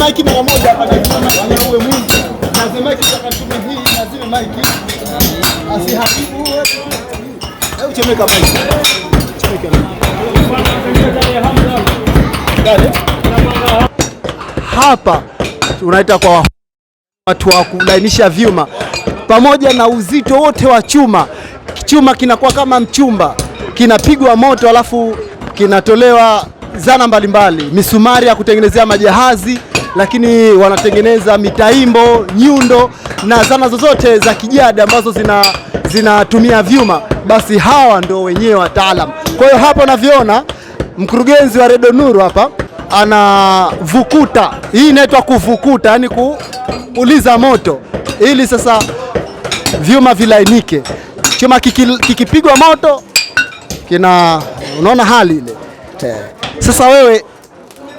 maiki mara moja hapa na uwe na maiki kwa hii na maiki asiharibu hebu chemeka maiki chemeka hapa unaita kwa watu wa kulainisha vyuma pamoja na uzito wote wa chuma. Chuma kinakuwa kama mchumba, kinapigwa moto, alafu kinatolewa zana mbalimbali, misumari ya kutengenezea majahazi lakini wanatengeneza mitaimbo, nyundo na zana zozote za kijadi ambazo zina zinatumia vyuma, basi hawa ndio wenyewe wataalamu. Kwa hiyo hapa unavyoona mkurugenzi wa Redo Nuru hapa anavukuta, hii inaitwa kuvukuta, yani kuuliza moto ili sasa vyuma vilainike. Chuma kikipigwa kiki moto kina, unaona hali ile. Sasa wewe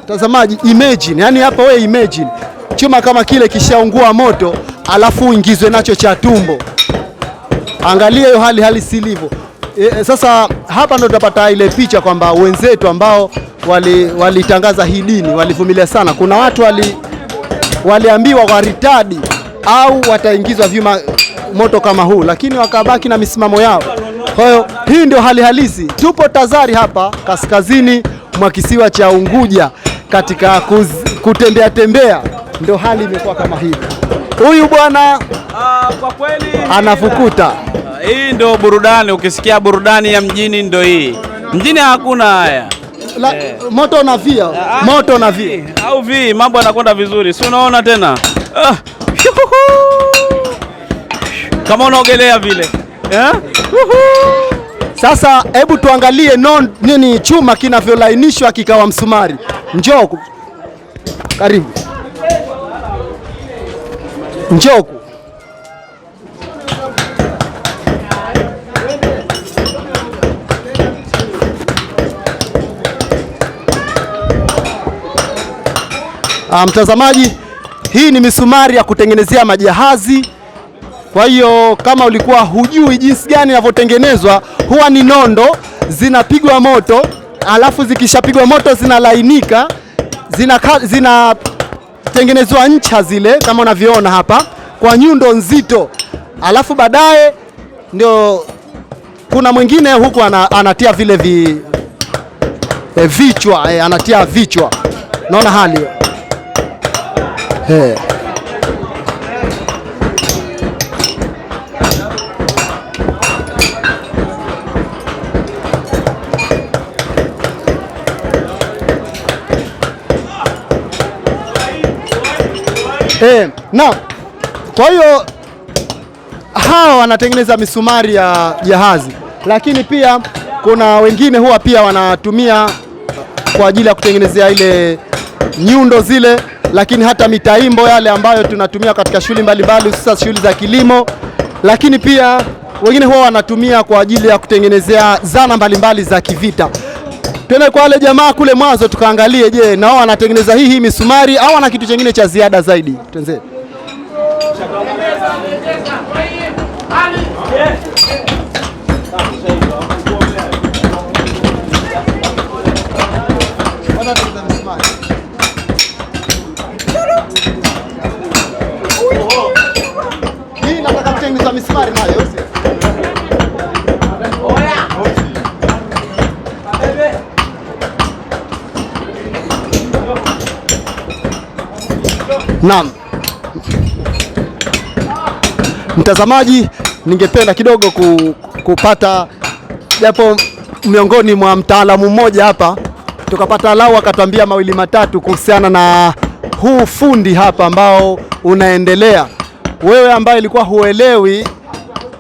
Mtazamaji, imagine yani, hapa wewe imagine chuma kama kile kishaungua moto, alafu uingizwe nacho cha tumbo. Angalia hiyo hali hali silivyo. E, e, sasa hapa ndo tutapata ile picha kwamba wenzetu ambao walitangaza wali hii dini walivumilia sana. Kuna watu wali, waliambiwa waritadi au wataingizwa vyuma moto kama huu, lakini wakabaki na misimamo yao. Kwa hiyo hii ndio hali halisi. Tupo Tazari hapa kaskazini mwa kisiwa cha Unguja katika kuz, kutembea tembea, ndio hali imekuwa kama hivi. Huyu bwana kwa kweli anafukuta hii ndio burudani. Ukisikia burudani ya mjini ndio hii, mjini hakuna haya la, eh. Moto na via ah, ah, moto na via au vi, mambo yanakwenda vizuri, si unaona tena ah. Kama unaogelea vile eh? Sasa hebu tuangalie non, nini chuma kinavyolainishwa kikawa msumari. Njoo karibu, njoo ah, mtazamaji, hii ni misumari ya kutengenezea majahazi. Kwa hiyo kama ulikuwa hujui jinsi gani inavyotengenezwa, huwa ni nondo zinapigwa moto, alafu zikishapigwa moto zinalainika, zinatengenezwa zina ncha zile kama unavyoona hapa kwa nyundo nzito, alafu baadaye ndio kuna mwingine huku ana, anatia vile vi, e, vichwa e, anatia vichwa. Naona hali hey. Eh, eh na kwa hiyo hawa wanatengeneza misumari ya jahazi, lakini pia kuna wengine huwa pia wanatumia kwa ajili ya kutengenezea ile nyundo zile, lakini hata mitaimbo yale ambayo tunatumia katika shughuli mbalimbali, hususa shughuli za kilimo. Lakini pia wengine huwa wanatumia kwa ajili ya kutengenezea zana mbalimbali mbali za kivita. Tuende kwa wale jamaa kule mwanzo tukaangalie, je, nao wanatengeneza hii hii misumari au ana kitu chengine cha ziada zaidi? Tuanze. Hii nataka kutengeneza misumari nayo. Naam mtazamaji, ningependa kidogo kupata japo miongoni mwa mtaalamu mmoja hapa tukapata lau akatwambia mawili matatu kuhusiana na huu fundi hapa ambao unaendelea. Wewe ambaye ilikuwa huelewi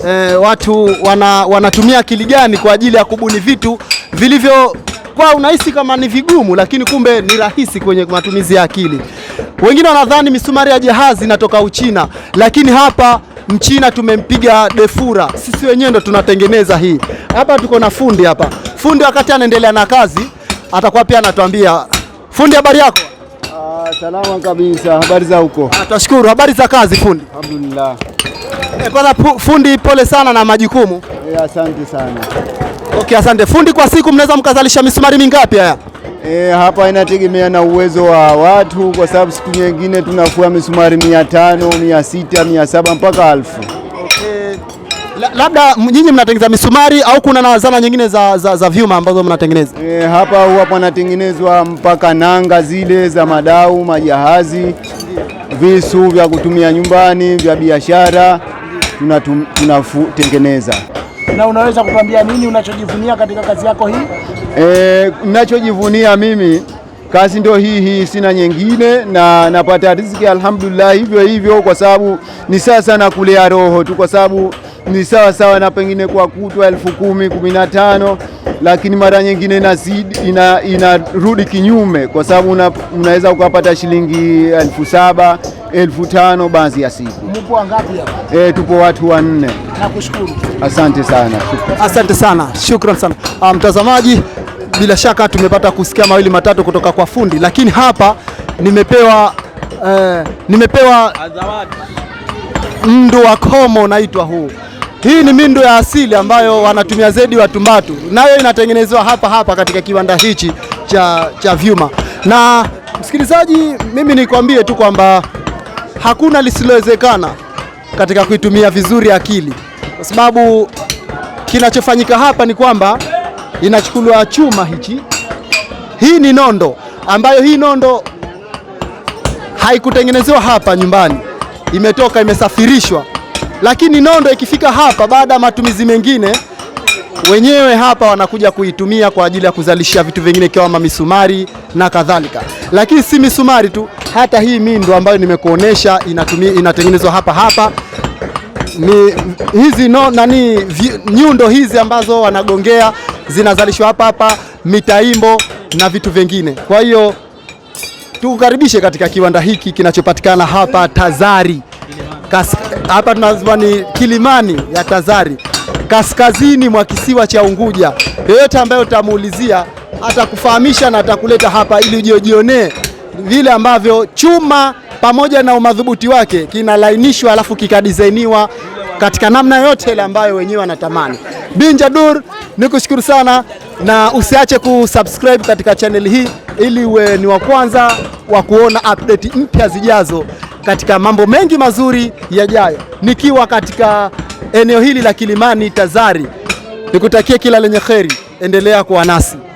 e, watu wana, wanatumia akili gani kwa ajili ya kubuni vitu vilivyo kwa unahisi kama ni vigumu, lakini kumbe ni rahisi kwenye matumizi ya akili. Wengine wanadhani misumari ya jahazi inatoka Uchina, lakini hapa mchina tumempiga defura. Sisi wenyewe ndo tunatengeneza hii hapa. Tuko na fundi hapa. Fundi wakati anaendelea na kazi atakuwa pia anatuambia. Fundi, habari yako? Ah, salama kabisa. Habari za huko? Ah, tunashukuru. Habari za kazi fundi? Alhamdulillah. Eh, kwanza fundi, pole sana na majukumu. Eh, asante sana. Okay, asante fundi. Kwa siku mnaweza mkazalisha misumari mingapi haya? E, hapa inategemea na uwezo wa watu, kwa sababu siku nyingine tunafua misumari mia tano mia sita mia saba mpaka elfu. Okay. labda nyinyi mnatengeneza misumari au kuna na zana nyingine za, za, za vyuma ambazo mnatengeneza? E, hapa huwa panatengenezwa mpaka nanga zile za madau, majahazi, visu vya kutumia nyumbani, vya biashara tunatengeneza na unaweza kutuambia nini unachojivunia katika kazi yako hii? E, eh, nachojivunia mimi kazi ndio hii hii, sina nyingine, na napata riziki alhamdulillah, hivyo hivyo, kwa sababu ni sawa sana kulea roho tu, kwa sababu ni sawa sawa na pengine kwa kutwa elfu kumi kumi na tano lakini mara nyingine inazidi inarudi ina kinyume, kwa sababu una, unaweza ukapata shilingi elfu saba elfu tano baadhi ya siku. Mpo wangapi hapa? E, tupo watu wanne. Nakushukuru. Asante sana. Shukran. Asante sana. Shukran sana. Ah, mtazamaji, um, bila shaka tumepata kusikia mawili matatu kutoka kwa fundi, lakini hapa nimepewa eh, nimepewa Mndu wa komo unaitwa huu. Hii ni mindo ya asili ambayo wanatumia zaidi Watumbatu, nayo inatengenezewa hapa hapa katika kiwanda hichi cha, cha vyuma. Na msikilizaji, mimi nikwambie tu kwamba hakuna lisilowezekana katika kuitumia vizuri akili kwa sababu kinachofanyika hapa ni kwamba inachukuliwa chuma hichi, hii ni nondo ambayo hii nondo haikutengenezewa hapa nyumbani, imetoka imesafirishwa. Lakini nondo ikifika hapa baada ya matumizi mengine, wenyewe hapa wanakuja kuitumia kwa ajili ya kuzalishia vitu vingine kama misumari na kadhalika. Lakini si misumari tu, hata hii mindo ambayo nimekuonesha inatumia inatengenezwa hapa hapa ni hizi no, nani nyundo hizi ambazo wanagongea zinazalishwa hapa hapa, mitaimbo na vitu vingine. Kwa hiyo tukukaribishe katika kiwanda hiki kinachopatikana hapa Tazari Kas, hapa tunasema ni Kilimani ya Tazari kaskazini mwa kisiwa cha Unguja. yoyote ambayo utamuulizia atakufahamisha na atakuleta hapa ili ujionee vile ambavyo chuma pamoja na umadhubuti wake kinalainishwa, alafu kikadizainiwa katika namna yote ile ambayo wenyewe wanatamani. binja Dur, nikushukuru sana na usiache kusubscribe katika channel hii ili uwe ni wa kwanza wa kuona update mpya zijazo katika mambo mengi mazuri yajayo. Nikiwa katika eneo hili la Kilimani Tazari, nikutakie kila lenye kheri, endelea kuwa nasi.